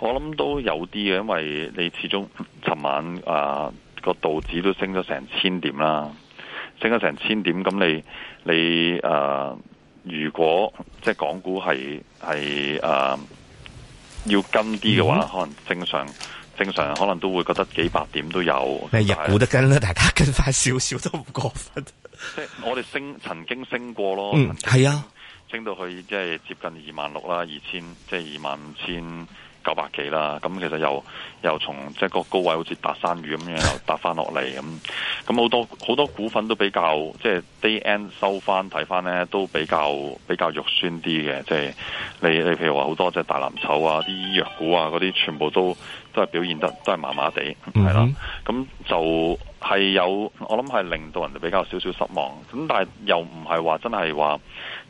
我諗都有啲嘅，因為你始終尋晚啊個、呃、道指都升咗成千點啦，升咗成千點，咁你你誒、呃，如果即係港股係係誒要跟啲嘅話、嗯，可能正常正常可能都會覺得幾百點都有。你入冇得跟啦，大家跟翻少少都唔過分。即係我哋升曾經升過咯，嗯，係啊，升到去即係接近二萬六啦，二千即係二萬五千，九百幾啦，咁、嗯、其實又又從即係個高位好似搭山魚咁樣，又搭翻落嚟咁。咁、嗯、好、嗯、多好多股份都比較即係、就是、day end 收翻，睇翻咧都比較比較肉酸啲嘅。即、就、係、是、你你譬如話好多即大藍籌啊、啲醫藥股啊嗰啲，全部都都係表現得都係麻麻地，係、mm、啦 -hmm.。咁、嗯、就係、是、有我諗係令到人哋比較少少失望。咁但係又唔係話真係話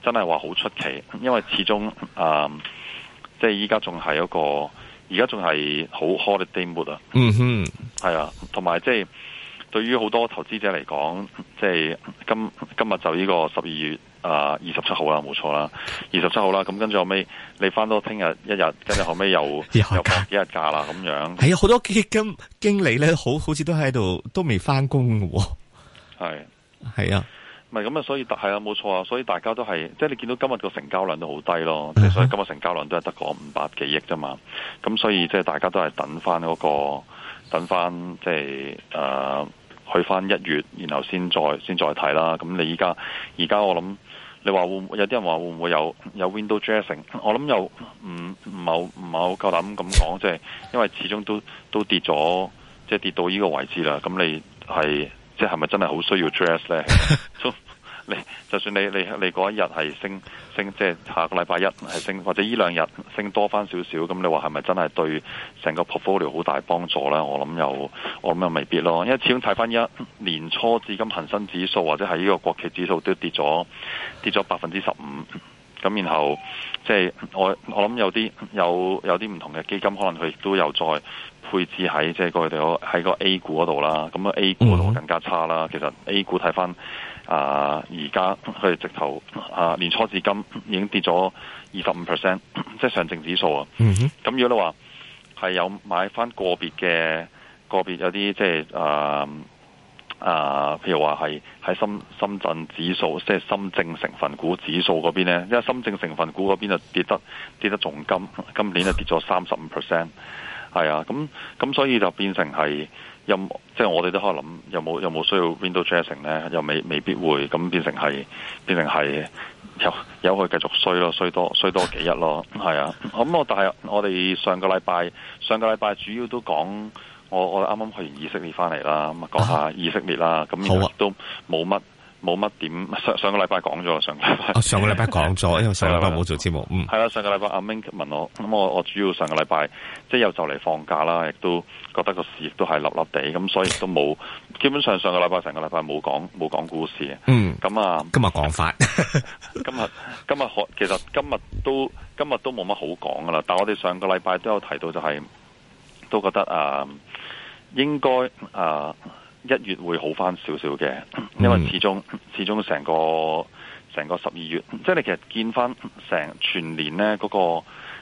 真係話好出奇，因為始終誒。嗯即係依家仲係一個，而家仲係好 holiday mood 啊！嗯哼，係啊，同埋即係對於好多投資者嚟講，即係今今日就呢個十二月啊二十七號啦，冇錯啦，二十七號啦，咁跟住後尾你翻到聽日一日，跟住後尾又有又幾日假啦，咁樣係啊，好多基金經理咧，好好似都喺度都未翻工喎，係係啊。唔係咁啊，所以係啊，冇錯啊，所以大家都係，即係你見到今日個成交量都好低咯，即係所以今日成交量都係得個五百幾億啫嘛。咁所以即係大家都係等翻嗰、那個，等翻即係誒、呃、去翻一月，然後先再先再睇啦。咁你依家，而家我諗，你話會有啲人話會唔會有有 window dressing？我諗又唔唔係唔係好夠膽咁講，即係因為始終都都跌咗，即係跌到依個位置啦。咁你係。即係咪真係好需要 dress 呢？你 就算你你你嗰一日係升升，即係、就是、下個禮拜一係升，或者呢兩日升多翻少少，咁你話係咪真係對成個 portfolio 好大幫助呢？我諗又我諗又未必咯，因為始終睇翻一年初至今，恆生指數或者係呢個國企指數都跌咗跌咗百分之十五，咁然後即係、就是、我我諗有啲有有啲唔同嘅基金可能佢亦都有再配置喺即係過哋喺個 A 股嗰度啦，咁啊 A 股度更加差啦。其實 A 股睇翻啊，而家佢直頭啊、呃、年初至今已經跌咗二十五 percent，即係上證指數啊。咁、嗯、如果你話係有買翻個別嘅個別有啲即係、呃呃、譬如話係喺深深圳指數，即係深證成分股指數嗰邊咧，因為深證成分股嗰邊就跌得跌得仲今今年就跌咗三十五 percent。係啊，咁咁所以就變成係，有即係、就是、我哋都可能諗有冇有冇需要 window dressing 咧，又未未必會咁變成係變成係由由佢繼續衰咯，衰多衰多幾日咯，係啊，咁、嗯、我但係我哋上個禮拜上個禮拜主要都講我我啱啱去完以色列翻嚟啦，咁啊講下以色列啦，咁亦都冇乜。冇乜點上上個禮拜講咗上個禮拜，哦、上個禮拜講咗，因為上個禮拜冇做節目。 嗯，係啦、啊，上個禮拜阿 Mink 問我，咁我我主要上個禮拜即係又就嚟放假啦，亦都覺得個市亦都係立立地咁，所以都冇。基本上上個禮拜成個禮拜冇講冇講故事，嗯，咁啊今日講法， 今日今日其實今日都今日都冇乜好講噶啦。但係我哋上個禮拜都有提到、就是，就係都覺得啊、呃，應該啊。呃一月會好翻少少嘅，因為始終始終成個成個十二月，即係你其實見翻成全年呢嗰、那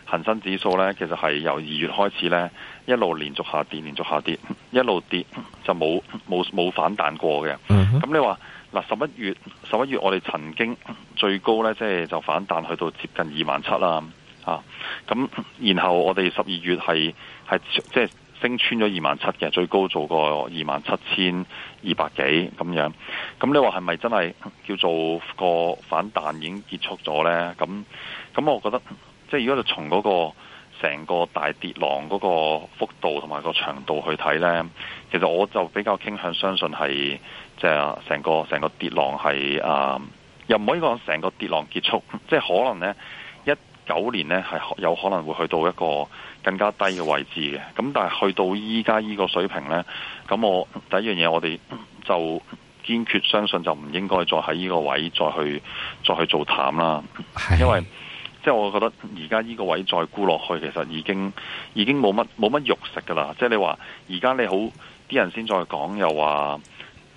個恒生指數呢，其實係由二月開始呢一路連續下跌，連續下跌，一路跌就冇冇冇反彈過嘅。咁、mm-hmm. 你話嗱十一月十一月我哋曾經最高呢，即、就、係、是、就反彈去到接近二萬七啦，啊咁，然後我哋十二月係係即係。升穿咗二萬七嘅，最高做過二萬七千二百幾咁樣。咁你話係咪真係叫做個反彈已經結束咗呢？咁咁我覺得，即係如果就從嗰個成個大跌浪嗰個幅度同埋個長度去睇呢，其實我就比較傾向相信係即係成個成個跌浪係啊，又唔可以講成個跌浪結束，即係可能呢。九年呢，係有可能會去到一個更加低嘅位置嘅，咁但係去到依家呢個水平呢，咁我第一樣嘢我哋就堅決相信就唔應該再喺呢個位再去再去做淡啦，因為即係、就是、我覺得而家呢個位再沽落去，其實已經已經冇乜冇乜肉食噶啦，即、就、係、是、你話而家你好啲人先再講又話。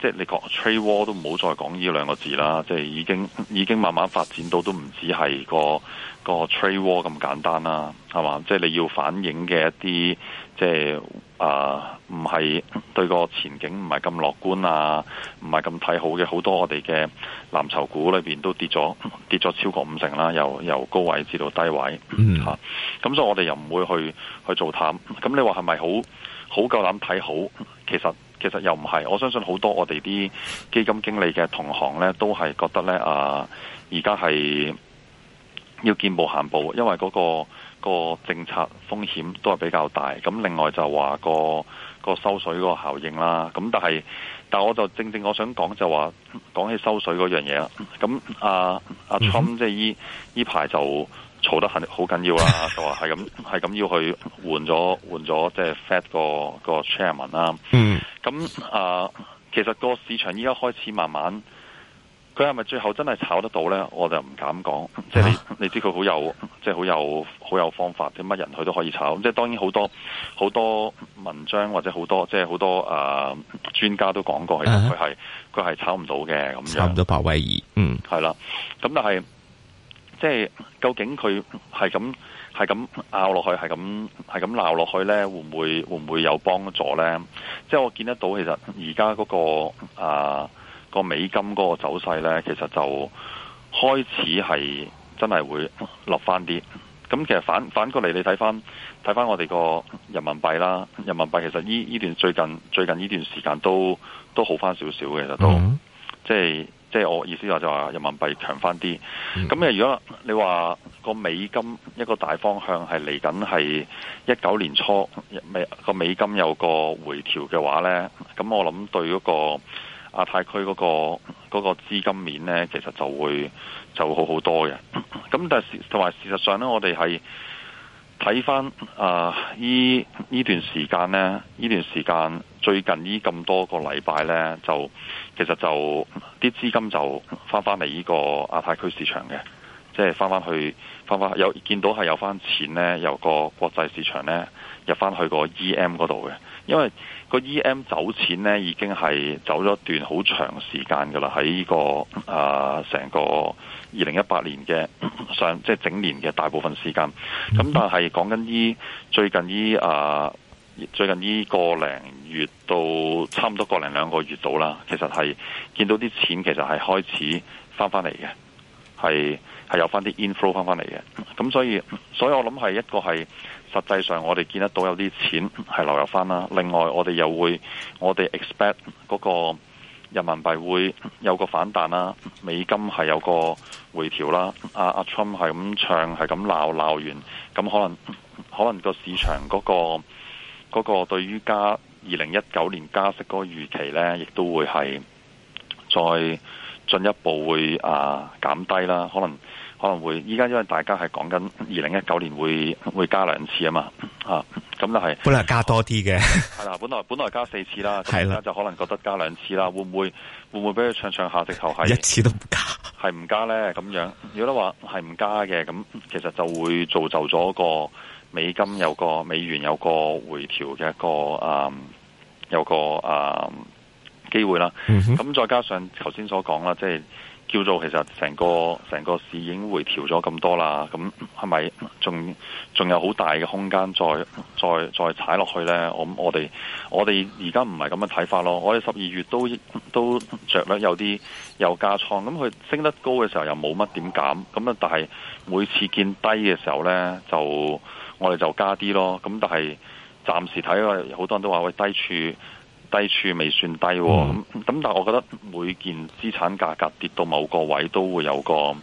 即係你講 trade war 都唔好再講呢兩個字啦，即係已經已經慢慢發展到都唔止係個個 trade war 咁簡單啦，係嘛？即係你要反映嘅一啲，即係啊，呃，唔係對個前景唔係咁樂觀啊，唔係咁睇好嘅，好多我哋嘅藍籌股裏邊都跌咗，跌咗超過五成啦，由由高位至到低位，吓、mm. 咁、啊、所以我哋又唔會去去做淡。咁你話係咪好好夠膽睇好？其實。其實又唔係，我相信好多我哋啲基金經理嘅同行呢，都係覺得呢，啊，而家係要見步行步，因為嗰、個個政策風險都係比較大。咁另外就話、個個收水個效應啦。咁但係，但我就正正我想講就話，講起收水嗰樣嘢啦。咁阿阿 Trump 即係依依排就。吵得很，好緊要啦，就話係咁係咁要去換咗換咗即係 Fed 個個 Chairman 啦。嗯，咁啊，其實個市場依家開始慢慢，佢係咪最後真係炒得到咧？我就唔敢講。即係、啊、你你知佢好有，即係好有好有方法。啲乜人佢都可以炒。咁即係當然好多好多文章或者好多即係好多啊呃、專家都講過，佢佢係佢係炒唔到嘅咁樣。到鮑威爾，嗯，係啦。咁但係。即係究竟佢係咁係咁拗落去，係咁係咁鬧落去呢？會唔會會唔會有幫助呢？即係我見得到，其實而家嗰個啊個美金嗰個走勢呢，其實就開始係真係會落翻啲。咁其實反反過嚟，你睇翻睇翻我哋個人民幣啦，人民幣其實呢呢段最近最近呢段時間都都好翻少少嘅，其實都、嗯、即係。即係我意思話就話人民幣強翻啲，咁誒如果你話個美金一個大方向係嚟緊係一九年初美個美金有個回調嘅話呢，咁我諗對嗰個亞太區嗰個嗰個資金面呢，其實就會就會好好多嘅。咁但係同埋事實上呢，我哋係。睇翻啊！依呢段時間呢，呢段時間最近呢，咁多個禮拜呢，就其實就啲資金就翻返嚟呢個亞太區市場嘅，即係翻返去翻返有見到係有翻錢呢，有個國際市場呢。入翻去個 EM 嗰度嘅，因為個 EM 走錢呢已經係走咗一段好長時間噶啦，喺呢、呢個啊成、呃、個二零一八年嘅上即係整年嘅大部分時間。咁但係講緊呢、呃，最近呢最近呢個零月到差唔多個零兩個月度啦，其實係見到啲錢其實係開始翻返嚟嘅，係有翻啲 inflow 翻返嚟嘅。咁所以所以我諗係一個係。實際上，我哋見得到有啲錢係流入翻啦。另外，我哋又會，我哋 expect 嗰個人民幣會有個反彈啦。美金係有個回調啦。阿阿 Trump 係咁唱，係咁鬧鬧完，咁可能可能個市場嗰個嗰個對於加二零一九年加息嗰個預期呢，亦都會係再進一步會啊減低啦。可能。可能會依家因為大家係講緊二零一九年會會加兩次啊嘛，咁就係本來加多啲嘅，係啦，本來本來加四次啦，而 啦就可能覺得加兩次啦，會唔會會唔會俾佢唱唱下直頭係一次都唔加，加，係唔加咧咁樣，如果話係唔加嘅，咁其實就會造就咗個美金有個美元有個回調嘅一個啊、嗯、有個啊機、嗯、會啦，咁、嗯、再加上頭先所講啦，即係。叫做其實成個成個市已經回調咗咁多啦，咁係咪仲仲有好大嘅空間再再再踩落去呢？我我哋我哋而家唔係咁嘅睇法咯。我哋十二月都都著有啲又加倉，咁佢升得高嘅時候又冇乜點減，咁啊但係每次見低嘅時候呢，就我哋就加啲咯。咁但係暫時睇，好多人都話喂低處。低處未算低、哦，咁、嗯、咁但係我覺得每件資產價格跌到某個位都會有個，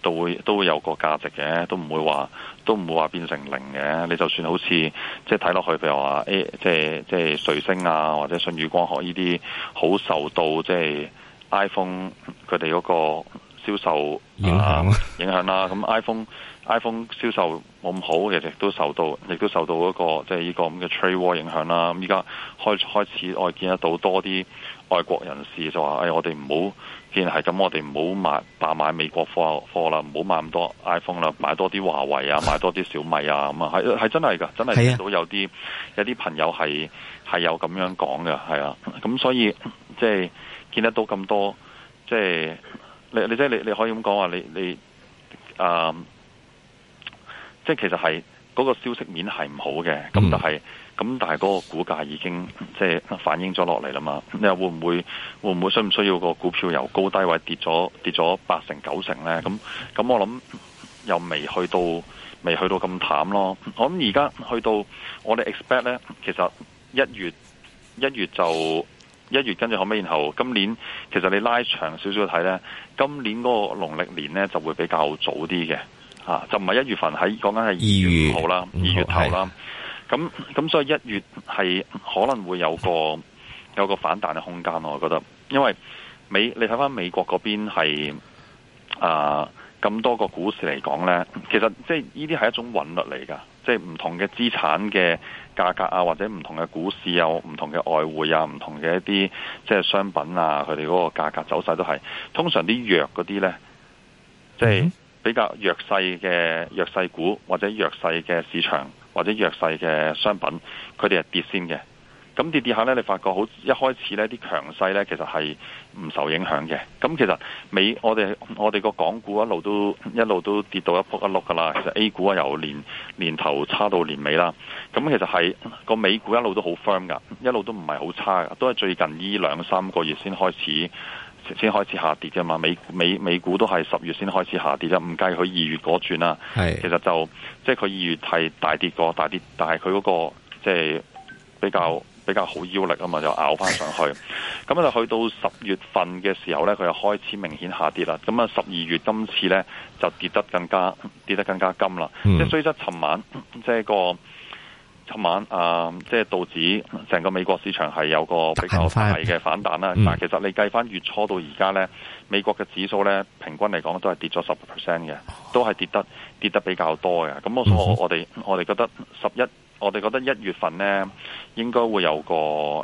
都會都會有個價值嘅，都唔會話都唔會話變成零嘅。你就算好似即係睇落去譬如話誒、哎、即係即係瑞星啊或者信譽光學呢啲，好受到即係 iPhone 佢哋嗰個。銷售、啊、影響、啊啊、影響啦、啊，咁 iPhone iPhone 銷售冇咁好嘅，亦都受到亦都受到一個即係呢個咁嘅 trade war 影響啦、啊。咁依家開開始我見得到多啲外國人士就話，誒、哎，我哋唔好，既然係咁，我哋唔好買大買美國貨貨啦，唔好買咁多 iPhone 啦，買多啲華為啊，買多啲小米啊。咁啊，係係真係噶，真係、啊、見到有啲一啲朋友係係有咁樣講嘅，係啊。咁所以即係見得到咁多即係。你你即係你你可以咁講話，你你誒、啊，即係其實係嗰個消息面係唔好嘅，咁但係咁但係嗰個股價已經即係反映咗落嚟啦嘛。你又會唔會會唔會需唔需要個股票由高低位跌咗跌咗八成九成咧？咁咁我諗又未去到未去到咁淡咯。我諗而家去到我哋 expect 咧，其實一月一月就。一月跟住後尾，然後今年其實你拉長少少睇呢。今年嗰個農曆年呢，就會比較早啲嘅，就唔係一月份，喺講緊係二月五號啦，二月頭啦。咁咁所以一月係可能會有個有個反彈嘅空間，我覺得，因為美你睇返美國嗰邊係啊咁多個股市嚟講呢，其實即係呢啲係一種韻律嚟㗎，即係唔同嘅資產嘅。價格啊，或者唔同嘅股市啊，唔同嘅外匯啊，唔同嘅一啲即係商品啊，佢哋嗰個價格走勢都係通常啲弱嗰啲呢，即係比較弱勢嘅弱勢股，或者弱勢嘅市場，或者弱勢嘅商品，佢哋係跌先嘅。咁跌跌下咧，你發覺好一開始咧，啲強勢咧其實係唔受影響嘅。咁其實美我哋我哋個港股一路都一路都跌到一仆一碌噶啦。其實 A 股啊由年年頭差到年尾啦。咁其實係個美股一路都好 firm 噶，一路都唔係好差，都係最近呢兩三個月先開始先開始下跌㗎嘛。美美美股都係十月先開始下跌啫，唔計佢二月嗰轉啦。係其實就即係佢二月係大跌過大跌，但係佢嗰個即係、就係、比較。比較好腰力啊嘛，就咬翻上去。咁就去到十月份嘅時候呢，佢又開始明顯下跌啦。咁啊，十二月今次呢，就跌得更加跌得更加金啦。即係所以尋晚即係、就是、個尋晚啊，即係導致成個美國市場係有個比較大嘅反彈啦、嗯。但其實你計翻月初到而家呢，美國嘅指數呢，平均嚟講都係跌咗十個 percent 嘅，都係跌得跌得比較多嘅。咁所以我、嗯、我哋我哋覺得十一。我哋覺得一月份呢，應該會有個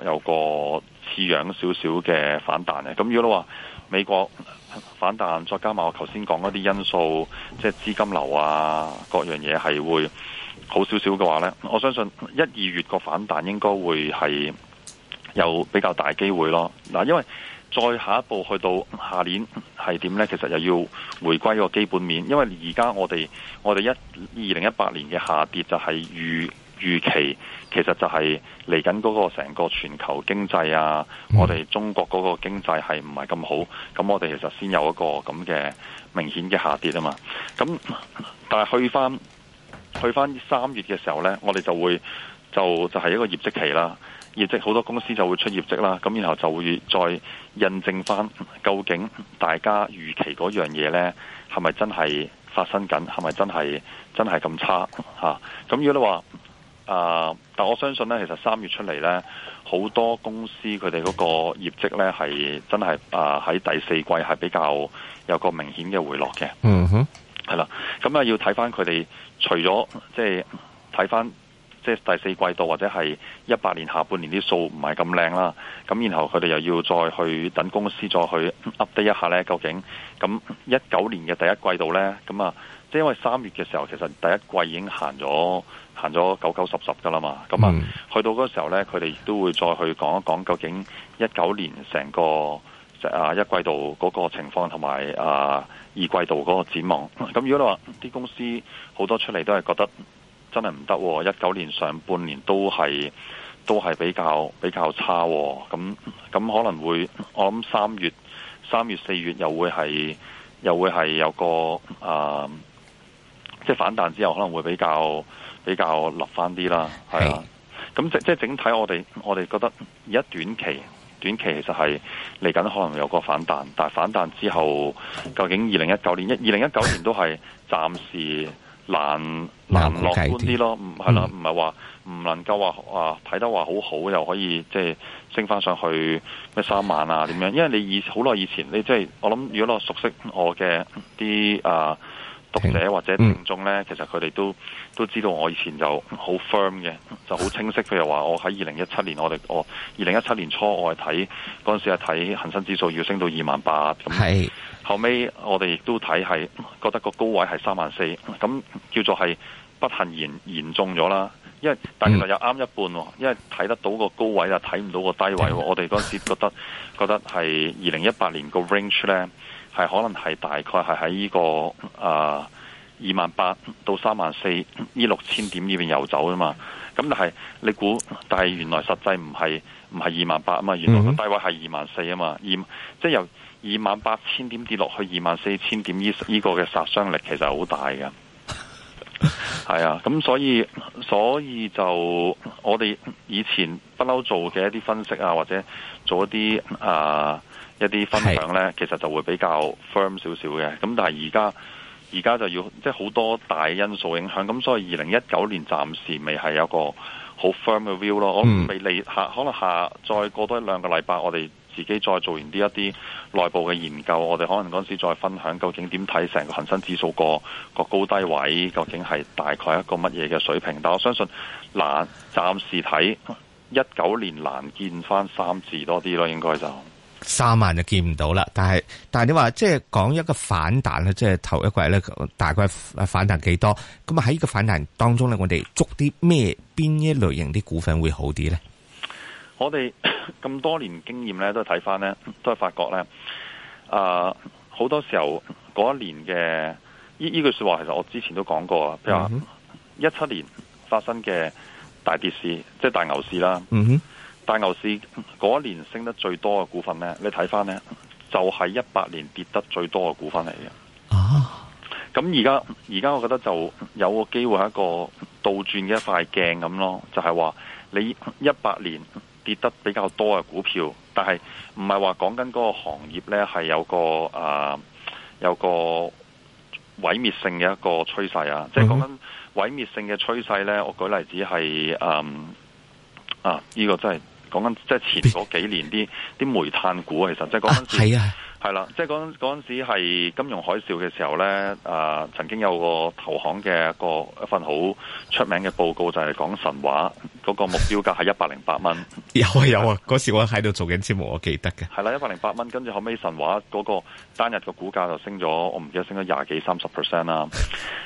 有個似樣少少嘅反彈嘅，咁如果話美國反彈，再加埋我頭先講嗰啲因素，即係資金流啊各樣嘢係會好少少嘅話呢，我相信一二月個反彈應該會係有比較大機會咯。嗱，因為再下一步去到下年係點呢？其實又要回歸個基本面，因為而家我哋我哋一二零一八年嘅下跌就係預。預期其實就係嚟緊嗰個成個全球經濟啊，我哋中國嗰個經濟係唔係咁好，咁我哋其實先有一個咁嘅明顯嘅下跌啊嘛。咁但係去翻去翻三月嘅時候呢，我哋就會就就係、是、一個業績期啦，業績，好多公司就會出業績啦，咁然後就會再印證翻究竟大家預期嗰樣嘢呢係咪真係發生緊，係咪真係真係咁差吓？咁、啊、如果你話，啊！但我相信咧，其實三月出嚟咧，好多公司佢哋嗰個業績咧係真係啊喺第四季係比較有個明顯嘅回落嘅。嗯哼，係啦。咁、嗯、啊要睇翻佢哋，除咗即係睇翻即係第四季度或者係一八年下半年啲數唔係咁靚啦。咁然後佢哋又要再去等公司再去 update 一下咧，究竟咁一九年嘅第一季度咧，咁、嗯、啊，即係因為三月嘅時候其實第一季已經行咗。行咗九九十十㗎啦嘛，咁、嗯、啊，去到嗰時候咧，佢哋都會再去講一講究竟一九年成個啊一季度嗰個情況，同埋啊二季度嗰個展望。咁如果你話啲公司好多出嚟都係覺得真係唔得，一九年上半年都係都係比較比較差，咁咁可能會我諗三月三月四月又會係又會係有個啊，即係反彈之後可能會比較。比較立翻啲啦，係啊，咁即即係整體我哋，我哋我哋覺得而家短期短期其實係嚟緊可能有個反彈，但係反彈之後究竟二零一九年一二零一九年都係暫時難難樂觀啲咯，係啦、啊，唔係話唔能夠話啊睇得話好好又可以即係、就係、升翻上去咩三萬啊點樣？因為你以好耐以前，你即、就、係、係、我諗，如果我熟悉我嘅啲啊。讀者或者聽眾呢，其實佢哋都都知道我以前就好 firm 嘅，就好清晰。譬如話我喺二零一七年，我哋我二零一七年初我係睇嗰陣時係睇恒生指數要升到二萬八咁。後尾我哋亦都睇係覺得個高位係三萬四，咁叫做係不幸言言中咗啦。因為但原又啱一半，因為睇得到個高位啊，睇唔到個低位。我哋嗰陣時覺得覺得係二零一八年個 range 呢。係可能係大概係喺呢個二萬八到三萬四呢六千點呢邊游走啊嘛，咁、就係、但係你估但係原來實際唔係唔係二萬八啊嘛，原來低位係二萬四啊嘛，嗯、二即係由二萬八千點跌落去二萬四千點呢呢、呢個嘅殺傷力其實好大㗎，係 啊，咁所以所以就我哋以前不嬲做嘅一啲分析啊，或者做一啲一啲分享呢，其實就會比較 firm 少少嘅。咁但係而家而家就要即係好多大因素影響。咁所以二零一九年暫時未係有個好 firm 嘅 view 咯。我未理下，可能下再過多一兩個禮拜，我哋自己再做完啲一啲內部嘅研究，我哋可能嗰陣時再分享究竟點睇成個恒生指數個個高低位，究竟係大概一個乜嘢嘅水平。但我相信難暫時睇一九年難見翻三字多啲咯，應該就。三萬就見唔到啦，但係但係你話即係講一個反彈咧，即係頭一季咧大概反彈幾多？咁啊喺呢個反彈當中咧，我哋捉啲咩邊一類型啲股份會好啲咧？我哋咁多年經驗咧，都睇翻咧，都係發覺咧，啊好多時候嗰一年嘅呢，呢句說話，其實我之前都講過啦，嗯哼，譬如話一七年發生嘅大跌市，即係大牛市啦。嗯哼大牛市嗰年升得最多嘅股份呢，你睇翻呢，就係一八年跌得最多嘅股份嚟嘅。咁而家而家我覺得就有個機會係一個倒轉嘅一塊鏡咁咯，就係、是、話你一八年跌得比較多嘅股票，但係唔係話講緊嗰個行業呢，係有個啊、呃、有個毀滅性嘅一個趨勢啊，嗯、即係講緊毀滅性嘅趨勢呢，我舉例子係嗯、呃、啊、呢、這個真係。講緊即係前嗰幾年啲啲煤炭股啊，其實即係嗰陣時係啊，係啦、啊，即係嗰陣嗰陣時係金融海嘯嘅時候咧，啊、呃，曾經有個投行嘅一個一份好出名嘅報告就係、是、講神華嗰、那個目標價係一百零八蚊，有啊有啊，嗰時我喺度做緊節目，我記得嘅係啦，一百零八蚊，跟住後尾，神華嗰、那個單日嘅股價就升咗，我唔記得升咗廿幾三十 percent 啦。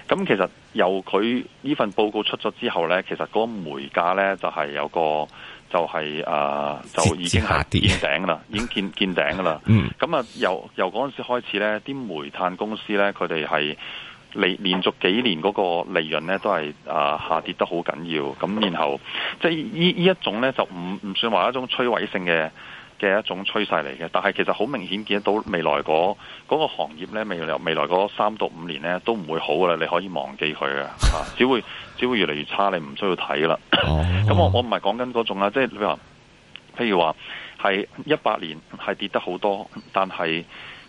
咁其實由佢呢份報告出咗之後咧，其實嗰個煤價咧就係有個。就係、是呃、就已經係見頂啦，已經見見頂噶啦。咁 啊、嗯，由由嗰陣時開始咧，啲煤炭公司咧，佢哋係利連續幾年嗰個利潤咧，都係啊、呃、下跌得好緊要。咁然後，即係呢依一種咧，就唔唔算話一種摧毀性嘅嘅一種趨勢嚟嘅，但係其實好明顯見得到未來嗰、嗰個行業呢，未來未來嗰三到五年呢，都唔會好噶啦，你可以忘記佢啊，只會只會越嚟越差，你唔需要睇啦。咁 我我唔係講緊嗰種啊，即係你話，譬如話係一八年係跌得好多，但係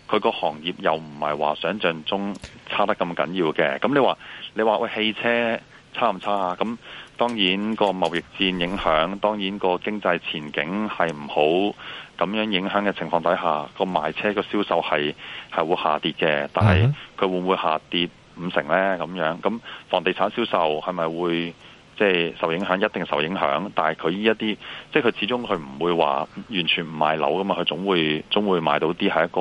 佢個行業又唔係話想像中差得咁緊要嘅。咁你話你話喂汽車差唔差啊？咁當然個貿易戰影響，當然個經濟前景係唔好。咁樣影響嘅情況底下，個賣車個銷售係係會下跌嘅，但係佢會唔會下跌五成呢？咁樣咁房地產銷售係咪會即係受影響？一定受影響，但係佢呢一啲即係佢始終佢唔會話完全唔賣樓噶嘛，佢總會總會賣到啲係一個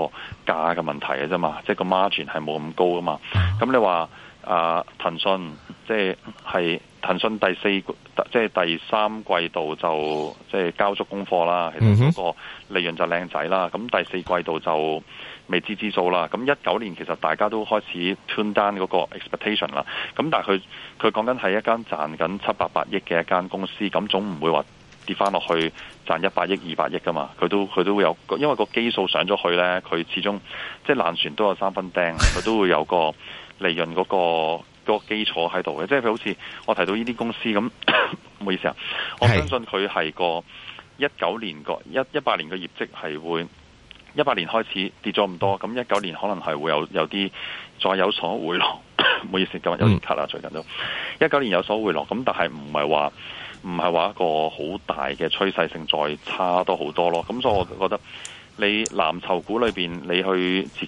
價嘅問題嘅啫嘛，啊、即係個 margin 係冇咁高噶嘛。咁你話啊騰訊即係係。騰訊第四即係第三季度就即係交足功課啦，其實嗰個利潤就靚仔啦。咁第四季度就未知之數啦。咁一九年其實大家都開始 turn down 嗰個 expectation 啦。咁但係佢佢講緊係一間賺緊七八百億嘅一間公司，咁總唔會話跌翻落去賺一百億二百億㗎嘛？佢都佢都會有，因為個基數上咗去呢，佢始終即係爛船都有三分釘，佢都會有個利潤嗰個。個基礎喺度嘅，即係佢好似我提到呢啲公司咁，唔好意思啊，我相信佢係個一九年個一一八年嘅業績係會一八年開始跌咗咁多，咁一九年可能係會有有啲再有所回落，唔好意思今日有啲卡啦，最近都一九、嗯、年有所回落，咁但係唔係話唔係話一個好大嘅趨勢性再差多好多咯，咁所以我覺得。嗯你藍籌股裏邊，你去自己去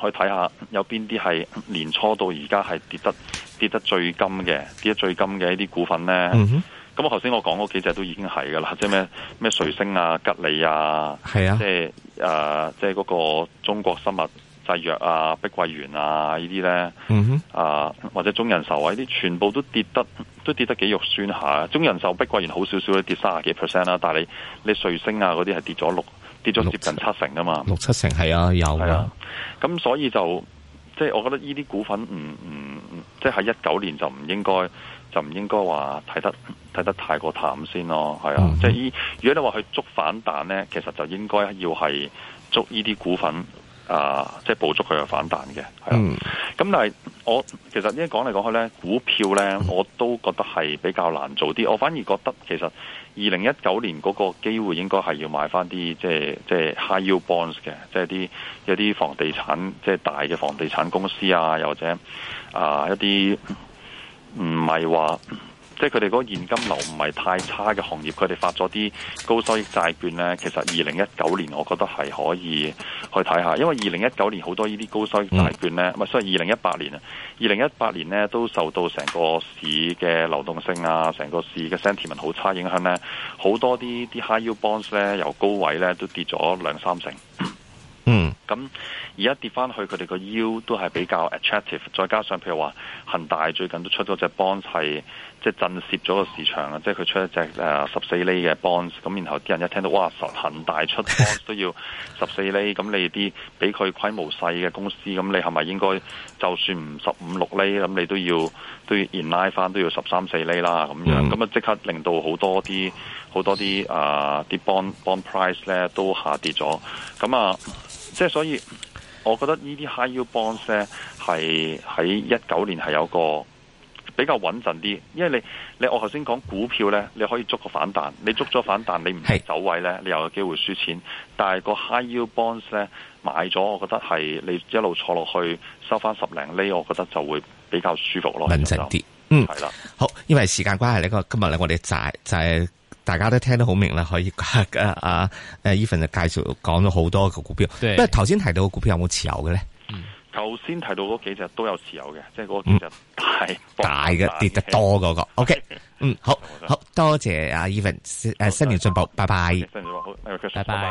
去睇下，有邊啲係年初到而家係跌得跌得最金嘅，跌得最金嘅一啲股份咧？咁、mm -hmm. 我頭先我講嗰幾隻都已經係噶啦，即係咩咩瑞星啊、吉利啊，係、yeah. 啊、呃，即係誒，即係嗰個中國生物製藥、就是、啊、碧桂園啊呢啲咧，啊、mm -hmm. 呃、或者中人壽啊呢啲，全部都跌得都跌得幾肉酸下。中人壽碧桂園好少少，都跌卅幾 percent 啦，但係你你瑞星啊嗰啲係跌咗六。接近七成啊嘛，六七成係啊有係啊，咁、啊、所以就即係我覺得呢啲股份唔唔、嗯嗯、即係喺一九年就唔應該就唔應該話睇得睇得太過淡先咯，係啊，嗯、即係依如果你話佢捉反彈呢，其實就應該要係捉呢啲股份。啊，即係捕捉佢嘅反彈嘅，係咯。咁、嗯、但係我其實呢一講嚟講去咧，股票咧我都覺得係比較難做啲。我反而覺得其實二零一九年嗰個機會應該係要買翻啲即係即係 high yield bonds 嘅，即係啲一啲房地產即係大嘅房地產公司啊，又或者啊一啲唔係話。即係佢哋嗰個現金流唔係太差嘅行業，佢哋發咗啲高收益債券呢，其實二零一九年我覺得係可以去睇下，因為二零一九年好多呢啲高收益債券呢唔係，所以二零一八年啊，二零一八年呢都受到成個市嘅流動性啊，成個市嘅 sentiment 好差影響呢，好多啲啲 high yield bonds 呢由高位呢都跌咗兩三成。嗯，咁而家跌翻去佢哋個 yield 都係比較 attractive，再加上譬如話恒大最近都出咗隻 bond 係。即係震懾咗個市場啊！即係佢出一隻誒十四厘嘅 bonds，咁然後啲人一聽到哇，實恒大出 bonds 都要十四厘，咁 你啲俾佢規模細嘅公司，咁你係咪應該就算唔十五六厘，咁你都要都要延拉翻都要十三四厘啦咁樣？咁啊即刻令到好多啲好多啲啊啲 bond bond price 咧都下跌咗。咁啊，即係所以，我覺得呢啲 high yield bonds 咧係喺一九年係有個。比較穩陣啲，因為你你我頭先講股票？咧，你可以捉個反彈，你捉咗反彈你唔係走位咧，你又有機會輸錢。但係個 High Yield Bonds 咧，買咗我覺得係你一路坐落去收翻十零厘，我覺得就會比較舒服咯，穩陣啲。嗯，係啦，好，因為時間關係呢。今日咧我哋就就係大家都聽得好明啦，可以阿誒、啊啊啊啊啊、Even 就介紹講咗好多個股票。不過頭先提到個股票有冇持有嘅咧？首先提到嗰幾隻都有持有嘅，即係嗰隻大、嗯、大嘅跌得多嗰、那個、 OK，嗯，好，好多謝阿 Evan，新年進步，拜拜。新年進步，好，拜拜。拜拜